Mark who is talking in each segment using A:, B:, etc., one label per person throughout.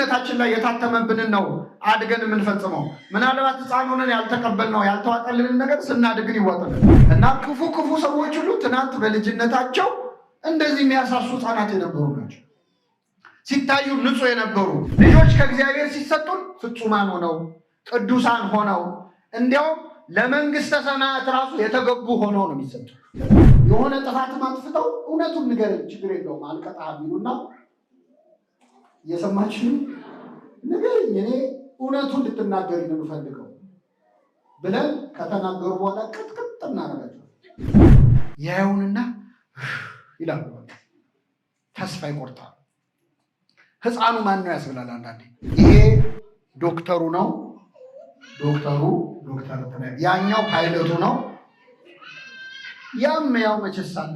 A: ልጅነታችን ላይ የታተመብንን ነው አድገን የምንፈጽመው። ምናልባት ህፃኑንን ሆነን ያልተቀበልነው ያልተዋጠልንን ነገር ስናድግን ይወጥል እና ክፉ ክፉ ሰዎች ሁሉ ትናንት በልጅነታቸው እንደዚህ የሚያሳሱ ህጻናት የነበሩ ናቸው። ሲታዩ ንጹሕ የነበሩ ልጆች ከእግዚአብሔር ሲሰጡን ፍጹማን ሆነው ቅዱሳን ሆነው እንዲያውም ለመንግስተ ሰማያት ራሱ የተገቡ ሆነው ነው የሚሰጡ። የሆነ ጥፋትም አጥፍተው እውነቱን ንገረን ችግር የለውም አልቀጣ ቢሉና እየሰማችሁ ንገሪኝ፣ እኔ እውነቱን ልትናገር ነው የምፈልገው ብለን ከተናገሩ በኋላ ቅጥቅጥ እናደርጋቸው ያየውንና ይላሉ። ተስፋ ይቆርጣል። ህፃኑ ማን ነው ያስብላል። አንዳንዴ ይሄ ዶክተሩ ነው፣ ዶክተሩ ዶክተር፣ ያኛው ፓይለቱ ነው። ያም ያው መቼስ አለ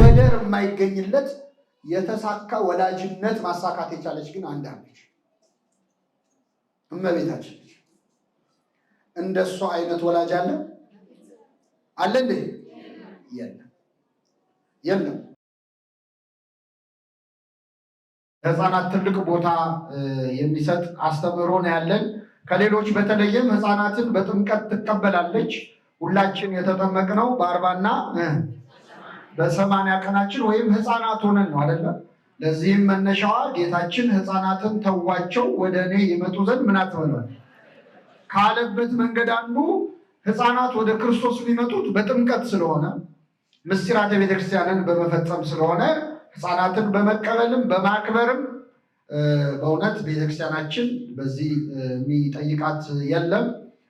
A: ወደር የማይገኝለት የተሳካ ወዳጅነት ማሳካት የቻለች ግን አንድ አለች፣ እመቤታችን ነች። እንደሷ አይነት ወላጅ አለ አለ እንዴ? የለም የለም። ህፃናት ትልቅ ቦታ የሚሰጥ አስተምህሮ ነው ያለን። ከሌሎች በተለየም ህፃናትን በጥምቀት ትቀበላለች። ሁላችን የተጠመቅነው በአርባና በሰማንያ ቀናችን ወይም ህፃናት ሆነን ነው አይደለም። ለዚህም መነሻዋ ጌታችን ህፃናትን ተዋቸው ወደ እኔ ይመጡ ዘንድ ምን አትበሏል ካለበት መንገድ አንዱ ህፃናት ወደ ክርስቶስ የሚመጡት በጥምቀት ስለሆነ ምስጢራተ ቤተክርስቲያንን በመፈጸም ስለሆነ ህፃናትን በመቀበልም በማክበርም በእውነት ቤተክርስቲያናችን በዚህ የሚጠይቃት የለም።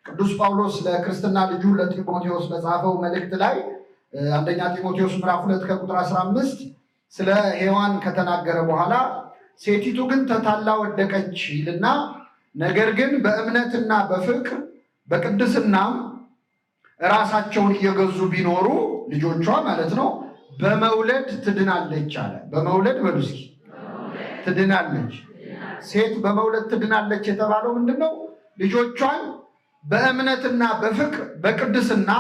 A: ቅዱስ ጳውሎስ ለክርስትና ልጁ ለጢሞቴዎስ በጻፈው መልእክት ላይ አንደኛ ጢሞቴዎስ ምዕራፍ ሁለት ከቁጥር 15 ስለ ሔዋን ከተናገረ በኋላ ሴቲቱ ግን ተታላ ወደቀች ይልና ነገር ግን በእምነትና በፍቅር በቅድስናም ራሳቸውን እየገዙ ቢኖሩ ልጆቿ ማለት ነው በመውለድ ትድናለች አለ። በመውለድ በሉ እስኪ ትድናለች። ሴት በመውለድ ትድናለች የተባለው ምንድን ነው? ልጆቿን በእምነትና በፍቅር በቅድስና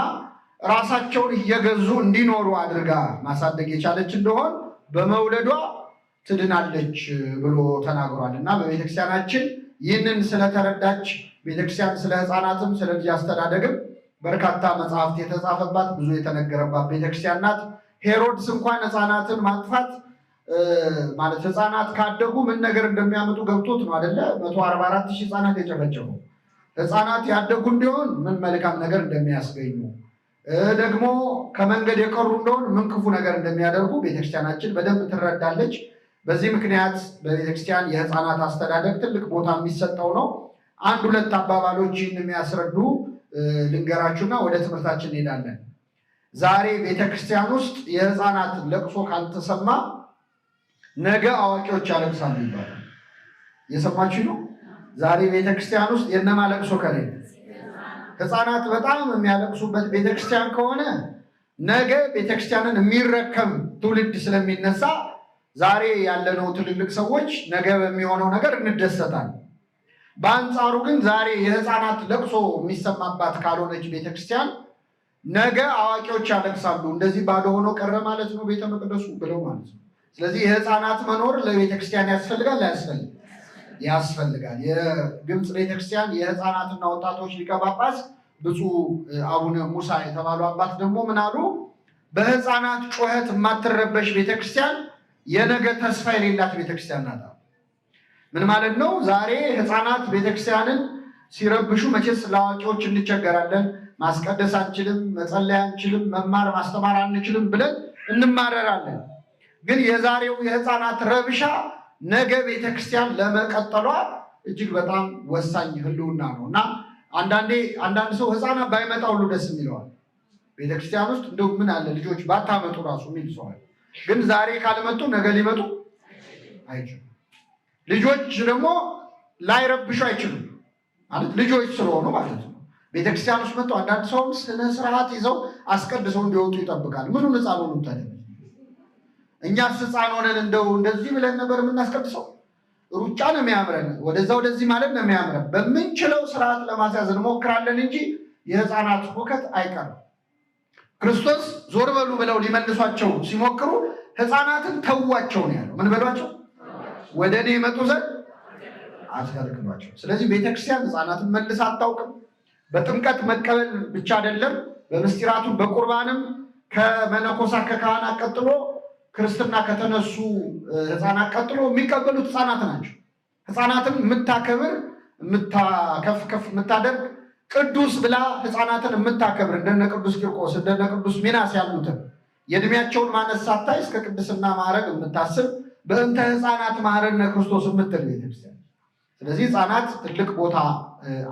A: ራሳቸውን እየገዙ እንዲኖሩ አድርጋ ማሳደግ የቻለች እንደሆን በመውለዷ ትድናለች ብሎ ተናግሯል እና በቤተክርስቲያናችን ይህንን ስለተረዳች ቤተክርስቲያን ስለ ህፃናትም ስለ ልጅ አስተዳደግም በርካታ መጽሐፍት የተጻፈባት ብዙ የተነገረባት ቤተክርስቲያን ናት። ሄሮድስ እንኳን ህፃናትን ማጥፋት ማለት ህፃናት ካደጉ ምን ነገር እንደሚያመጡ ገብቶት ነው አደለ? መቶ አርባ አራት ሺህ የጨፈጨፉ ህፃናት ያደጉ እንዲሆን ምን መልካም ነገር እንደሚያስገኙ ደግሞ ከመንገድ የቀሩ እንደሆን ምን ክፉ ነገር እንደሚያደርጉ ቤተክርስቲያናችን በደንብ ትረዳለች። በዚህ ምክንያት በቤተክርስቲያን የህፃናት አስተዳደግ ትልቅ ቦታ የሚሰጠው ነው። አንድ ሁለት አባባሎችን የሚያስረዱ ልንገራችሁና ወደ ትምህርታችን እንሄዳለን። ዛሬ ቤተክርስቲያን ውስጥ የህፃናት ለቅሶ ካልተሰማ ነገ አዋቂዎች ያለቅሳሉ ይባላል። እየሰማችሁ ነው። ዛሬ ቤተክርስቲያን ውስጥ የነማ ለቅሶ ከሌለ ህፃናት በጣም የሚያለቅሱበት ቤተክርስቲያን ከሆነ ነገ ቤተክርስቲያንን የሚረከም ትውልድ ስለሚነሳ ዛሬ ያለነው ትልልቅ ሰዎች ነገ በሚሆነው ነገር እንደሰታል። በአንጻሩ ግን ዛሬ የህፃናት ለቅሶ የሚሰማባት ካልሆነች ቤተክርስቲያን ነገ አዋቂዎች ያለቅሳሉ። እንደዚህ ባዶ ሆኖ ቀረ ማለት ነው ቤተ መቅደሱ ብለው ማለት ነው። ስለዚህ የህፃናት መኖር ለቤተክርስቲያን ያስፈልጋል አያስፈልግም? ያስፈልጋል። የግብፅ ቤተክርስቲያን የህፃናትና ወጣቶች ሊቀ ጳጳስ ብፁዕ አቡነ ሙሳ የተባሉ አባት ደግሞ ምን አሉ? በህፃናት ጩኸት የማትረበሽ ቤተክርስቲያን የነገ ተስፋ የሌላት ቤተክርስቲያን ናት። ምን ማለት ነው? ዛሬ ህፃናት ቤተክርስቲያንን ሲረብሹ መቼስ ለአዋቂዎች እንቸገራለን፣ ማስቀደስ አንችልም፣ መጸለይ አንችልም፣ መማር ማስተማር አንችልም ብለን እንማረራለን። ግን የዛሬው የህፃናት ረብሻ ነገ ቤተክርስቲያን ለመቀጠሏ እጅግ በጣም ወሳኝ ህልውና ነው እና አንዳንዴ አንዳንድ ሰው ህፃናት ባይመጣ ሁሉ ደስ የሚለዋል። ቤተክርስቲያን ውስጥ እንደው ምን አለ ልጆች ባታመጡ ራሱ የሚል ሰዋል። ግን ዛሬ ካልመጡ ነገ ሊመጡ አይችሉም። ልጆች ደግሞ ላይረብሹ አይችሉም ማለት ልጆች ስለሆኑ ማለት ነው። ቤተክርስቲያን ውስጥ መጥተው አንዳንድ ሰውም ስነ ስርዓት ይዘው አስቀድሰው እንዲወጡ ይጠብቃል። ምኑን ህፃን ሆኑ እኛስ ሕፃን ሆነን እንደው እንደዚህ ብለን ነበር የምናስቀድሰው። ሩጫ ነው የሚያምረን፣ ወደዛ ወደዚህ ማለት ነው የሚያምረን። በምንችለው ስርዓት ለማስያዝ እንሞክራለን እንጂ የህፃናት ሁከት አይቀርም። ክርስቶስ ዞር በሉ ብለው ሊመልሷቸው ሲሞክሩ ህፃናትን ተዋቸው ነው ያለው። ምን በሏቸው? ወደ እኔ የመጡ ዘንድ አትከልክሏቸው። ስለዚህ ቤተክርስቲያን ህፃናትን መልስ አታውቅም። በጥምቀት መቀበል ብቻ አይደለም፣ በምስጢራቱ በቁርባንም ከመነኮሳት ከካህናት ቀጥሎ ክርስትና ከተነሱ ህፃናት ቀጥሎ የሚቀበሉት ህፃናት ናቸው። ህፃናትን የምታከብር ፍፍ የምታደርግ ቅዱስ ብላ ህፃናትን የምታከብር እንደነ ቅዱስ ቂርቆስ እንደነ ቅዱስ ሚናስ ያሉትን የእድሜያቸውን ማነስ ሳታይ እስከ ቅድስና ማዕረግ የምታስብ በእንተ ህፃናት ማዕረግ ነ ክርስቶስ የምትል ቤተክርስቲያን። ስለዚህ ህፃናት ትልቅ ቦታ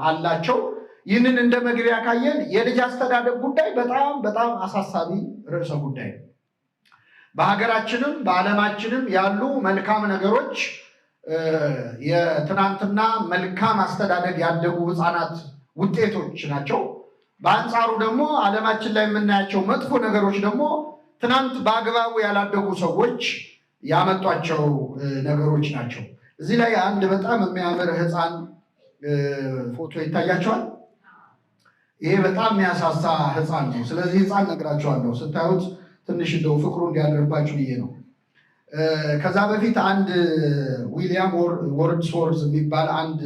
A: አላቸው። ይህንን እንደ መግቢያ ካየን የልጅ አስተዳደግ ጉዳይ በጣም በጣም አሳሳቢ ርዕሰ ጉዳይ ነው። በሀገራችንም በዓለማችንም ያሉ መልካም ነገሮች የትናንትና መልካም አስተዳደግ ያደጉ ህፃናት ውጤቶች ናቸው። በአንጻሩ ደግሞ ዓለማችን ላይ የምናያቸው መጥፎ ነገሮች ደግሞ ትናንት በአግባቡ ያላደጉ ሰዎች ያመጧቸው ነገሮች ናቸው። እዚህ ላይ አንድ በጣም የሚያምር ህፃን ፎቶ ይታያቸዋል። ይሄ በጣም የሚያሳሳ ህፃን ነው። ስለዚህ ሕፃን ነግራቸዋለሁ ስታዩት ትንሽ እንደው ፍቅሩ እንዲያደርባችሁ ብዬ ነው። ከዛ በፊት አንድ ዊሊያም ወርድስወርዝ የሚባል አንድ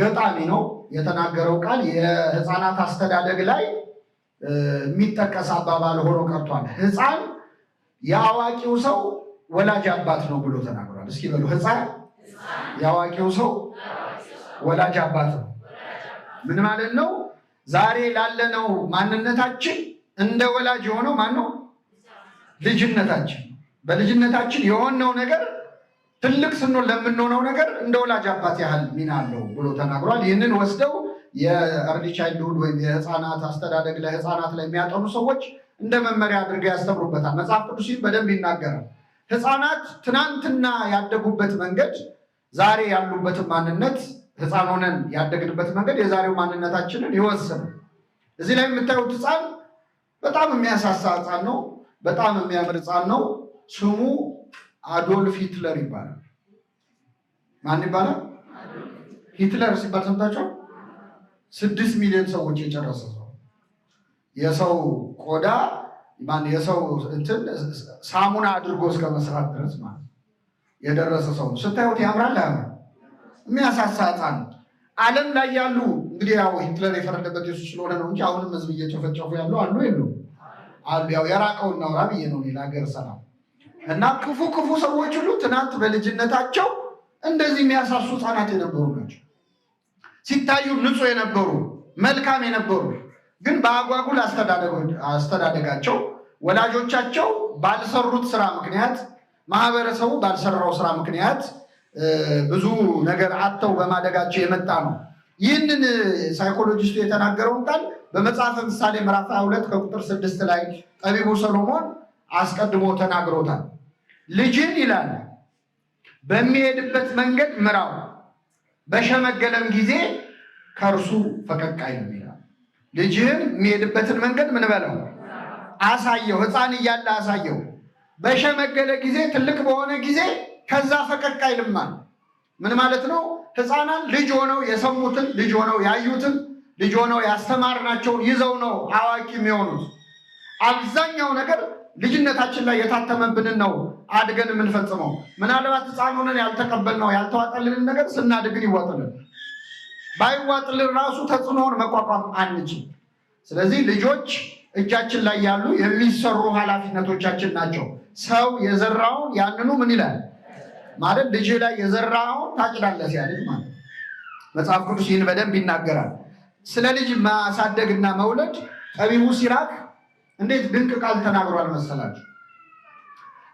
A: ገጣሚ ነው የተናገረው ቃል የህፃናት አስተዳደግ ላይ የሚጠቀስ አባባል ሆኖ ቀርቷል። ህፃን የአዋቂው ሰው ወላጅ አባት ነው ብሎ ተናግሯል። እስኪ በሉ ህፃን የአዋቂው ሰው ወላጅ አባት ነው። ምን ማለት ነው? ዛሬ ላለነው ማንነታችን እንደ ወላጅ የሆነው ማን ነው? ልጅነታችን። በልጅነታችን የሆነው ነገር ትልቅ ስንሆን ለምንሆነው ነገር እንደ ወላጅ አባት ያህል ሚና አለው ብሎ ተናግሯል። ይህንን ወስደው የእርሊ ቻይልድሁድ ወይም የህፃናት አስተዳደግ ለህፃናት ህፃናት ላይ የሚያጠኑ ሰዎች እንደ መመሪያ አድርገው ያስተምሩበታል። መጽሐፍ ቅዱስ በደንብ ይናገራል። ህፃናት ትናንትና ያደጉበት መንገድ ዛሬ ያሉበትን ማንነት ህፃን ሆነን ያደግንበት መንገድ የዛሬው ማንነታችንን ይወስናል። እዚህ ላይ የምታዩት ህፃን በጣም የሚያሳሳ ህፃን ነው። በጣም የሚያምር ህፃን ነው። ስሙ አዶልፍ ሂትለር ይባላል። ማን ይባላል? ሂትለር ሲባል ሰምታቸው ስድስት ሚሊዮን ሰዎች የጨረሰ ሰው የሰው ቆዳ የሰው እንትን ሳሙና አድርጎ እስከ መስራት ድረስ ማለት የደረሰ ሰው ስታዩት ያምራል። የሚያሳሳ ህፃን ዓለም ላይ ያሉ እንግዲህ ያው ሂትለር የፈረደበት የሱ ስለሆነ ነው እንጂ አሁንም ህዝብ እየጨፈጨፉ ያለው አሉ የሉ አሉ። ያው የራቀው እናውራ ብዬ ነው። ሌላ ሀገር ሰላም እና ክፉ ክፉ ሰዎች ሁሉ ትናንት በልጅነታቸው እንደዚህ የሚያሳሱ ህጻናት የነበሩ ናቸው። ሲታዩ ንጹህ የነበሩ መልካም የነበሩ ግን በአጓጉል አስተዳደጋቸው ወላጆቻቸው ባልሰሩት ስራ ምክንያት ማህበረሰቡ ባልሰራው ስራ ምክንያት ብዙ ነገር አጥተው በማደጋቸው የመጣ ነው። ይህንን ሳይኮሎጂስቱ የተናገረውን ቃል በመጽሐፈ ምሳሌ ምዕራፍ 22 ከቁጥር ስድስት ላይ ጠቢቡ ሰሎሞን አስቀድሞ ተናግሮታል። ልጅን ይላል በሚሄድበት መንገድ ምራው፣ በሸመገለም ጊዜ ከእርሱ ፈቀቅ አይልም ይላል። ልጅህን የሚሄድበትን መንገድ ምን በለው አሳየው፣ ህፃን እያለ አሳየው። በሸመገለ ጊዜ ትልቅ በሆነ ጊዜ ከዛ ፈቀቅ አይልማል ምን ማለት ነው? ህፃናት ልጅ ሆነው የሰሙትን ልጅ ሆነው ያዩትን ልጅ ሆነው ያስተማርናቸውን ይዘው ነው አዋቂ የሚሆኑት። አብዛኛው ነገር ልጅነታችን ላይ የታተመብንን ነው አድገን የምንፈጽመው። ምናልባት ህፃን ሆነን ያልተቀበልነው ያልተዋጠልንን ነገር ስናድግን ይዋጥልን። ባይዋጥልን ራሱ ተጽዕኖውን መቋቋም አንችል። ስለዚህ ልጆች እጃችን ላይ ያሉ የሚሰሩ ኃላፊነቶቻችን ናቸው። ሰው የዘራውን ያንኑ ምን ይላል ማለት ልጅ ላይ የዘራኸውን ታጭዳለህ ሲያለኝ ማለት መጽሐፍ ቅዱስ ይህን በደንብ ይናገራል። ስለ ልጅ ማሳደግና መውለድ ጠቢቡ ሲራክ እንዴት ድንቅ ቃል ተናግሯል መሰላችሁ?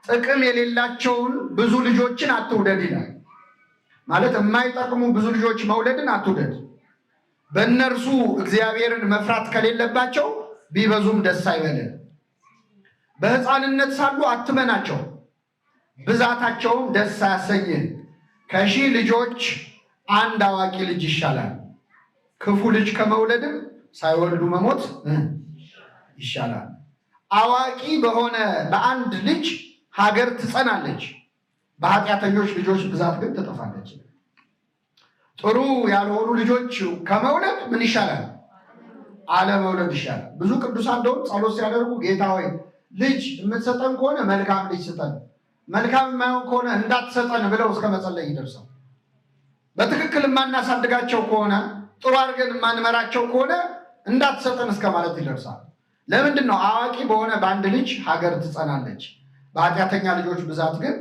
A: ጥቅም የሌላቸውን ብዙ ልጆችን አትውደድ ይላል። ማለት የማይጠቅሙ ብዙ ልጆች መውለድን አትውደድ። በእነርሱ እግዚአብሔርን መፍራት ከሌለባቸው ቢበዙም ደስ አይበለን። በሕፃንነት ሳሉ አትመናቸው ብዛታቸውም ደስ አያሰኝህ። ከሺህ ልጆች አንድ አዋቂ ልጅ ይሻላል። ክፉ ልጅ ከመውለድም ሳይወልዱ መሞት ይሻላል። አዋቂ በሆነ በአንድ ልጅ ሀገር ትጸናለች፣ በኃጢአተኞች ልጆች ብዛት ግን ትጠፋለች። ጥሩ ያልሆኑ ልጆች ከመውለድ ምን ይሻላል? አለመውለድ ይሻላል። ብዙ ቅዱሳን እንደውም ጸሎት ሲያደርጉ ጌታ ሆይ ልጅ የምትሰጠን ከሆነ መልካም ልጅ ስጠን መልካም የማይሆን ከሆነ እንዳትሰጠን ብለው እስከ መጸለይ ይደርሰው። በትክክል የማናሳድጋቸው ከሆነ ጥሩ አድርገን የማንመራቸው ከሆነ እንዳትሰጠን እስከ ማለት ይደርሳል። ለምንድን ነው? አዋቂ በሆነ በአንድ ልጅ ሀገር ትጸናለች፣ በኃጢአተኛ ልጆች ብዛት ግን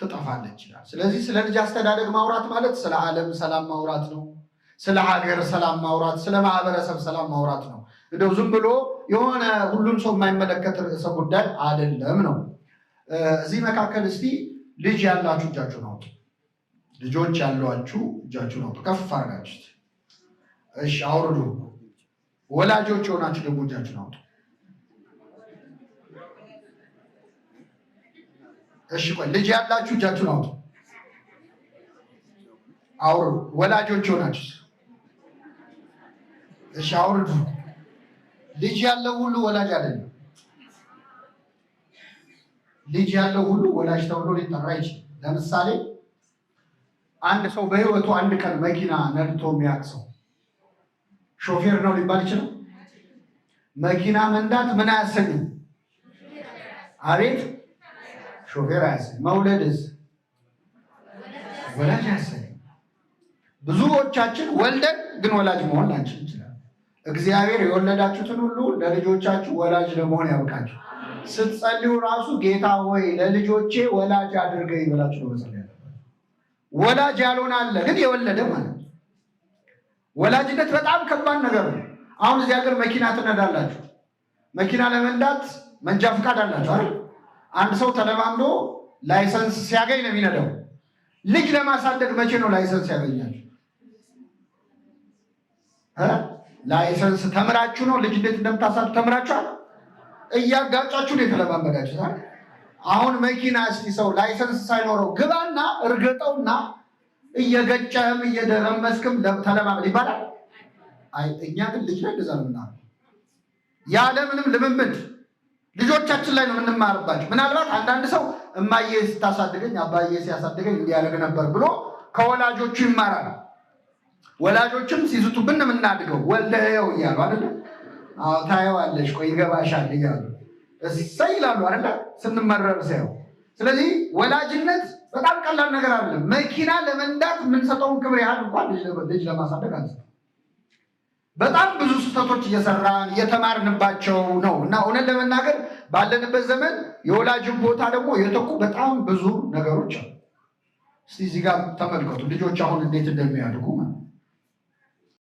A: ትጠፋለች ይላል። ስለዚህ ስለ ልጅ አስተዳደግ ማውራት ማለት ስለ ዓለም ሰላም ማውራት ነው። ስለ ሀገር ሰላም ማውራት፣ ስለ ማህበረሰብ ሰላም ማውራት ነው። እንደው ዝም ብሎ የሆነ ሁሉም ሰው የማይመለከት ርዕሰ ጉዳይ አይደለም ነው እዚህ መካከል እስቲ ልጅ ያላችሁ እጃችሁን አውጡ። ልጆች ያሏችሁ እጃችሁን አውጡ። ከፍ አድርጋችሁት። እሺ አውርዱ። ወላጆች የሆናችሁ ደግሞ እጃችሁን አውጡ። እሺ ቆይ፣ ልጅ ያላችሁ እጃችሁን አውጡ። አውር ወላጆች የሆናችሁ እሺ አውርዱ። ልጅ ያለው ሁሉ ወላጅ አይደለም። ልጅ ያለው ሁሉ ወላጅ ተብሎ ሊጠራ ይችላል። ለምሳሌ አንድ ሰው በህይወቱ አንድ ቀን መኪና ነድቶ የሚያውቅ ሰው ሾፌር ነው ሊባል ይችላል። መኪና መንዳት ምን አያሰኝም? አቤት ሾፌር አያሰኝ። መውለድስ ወላጅ አያሰኝ። ብዙዎቻችን ወልደን ግን ወላጅ መሆን ላንችል እንችላለን። እግዚአብሔር የወለዳችሁትን ሁሉ ለልጆቻችሁ ወላጅ ለመሆን ያብቃችሁ። ስትጸልዩ ራሱ ጌታ ወይ ለልጆቼ ወላጅ አድርገኝ ብላችሁ ነው መጸለይ ያለባችሁ። ወላጅ ያልሆነ አለ ግን የወለደ ማለት ወላጅነት በጣም ከባድ ነገር ነው። አሁን እዚህ ሀገር መኪና ትነዳላችሁ። መኪና ለመንዳት መንጃ ፈቃድ አላችሁ አይደል? አንድ ሰው ተለማምዶ ላይሰንስ ሲያገኝ ነው የሚነዳው። ልጅ ለማሳደግ መቼ ነው ላይሰንስ ያገኛል? ላይሰንስ ተምራችሁ ነው ልጅ እንዴት ተምራችኋል? እያጋጫችሁን ነው አሁን መኪና እስቲ ሰው ላይሰንስ ሳይኖረው ግባና እርገጠውና እየገጨህም እየደረመስክም ተለማመድ ይባላል። አይ እኛ ግን ልጅ ላይ እንደዛ ነው ያለምንም ልምምድ ልጆቻችን ላይ ነው የምንማርባቸው። ምናልባት አንዳንድ ሰው እማዬ ስታሳድገኝ አባዬ ሲያሳድገኝ እንዲያደርግ ነበር ብሎ ከወላጆቹ ይማራል። ወላጆችም ሲዝቱብን የምናድገው ወልደው እያሉ አይደለም ታየዋለሽ፣ ቆይ ይገባሻል እያሉ እሰይ ይላሉ አይደለ? ስንመረር ሳየው። ስለዚህ ወላጅነት በጣም ቀላል ነገር አለ። መኪና ለመንዳት የምንሰጠውን ክብር ያህል እንኳን ልጅ ለማሳደግ አለ በጣም ብዙ ስህተቶች እየሰራን እየተማርንባቸው ነው እና እውነት ለመናገር ባለንበት ዘመን የወላጅን ቦታ ደግሞ የተኩ በጣም ብዙ ነገሮች አሉ። እስቲ እዚህ ጋር ተመልከቱ ልጆች አሁን እንዴት እንደሚያድጉ